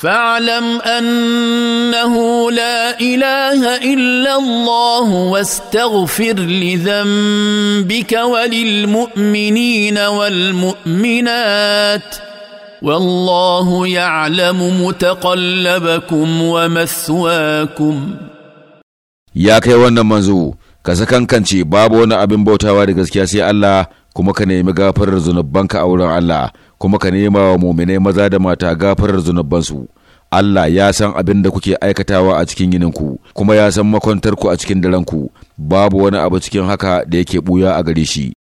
فاعلم انه لا اله الا الله واستغفر لذنبك وللمؤمنين والمؤمنات والله يعلم متقلبكم ومثواكم يا kai wannan manzo ka sakankance babu wani abin bautawa da gaskiya sai Allah kuma ka nemi gafarar zunubanka a wurin Allah kuma ka nema wa muminai maza da mata gafarar zunubansu Allah ya san abin da kuke aikatawa a cikin yininku kuma ya san makwantarku a cikin daren ku babu wani abu cikin haka da yake buya a gare shi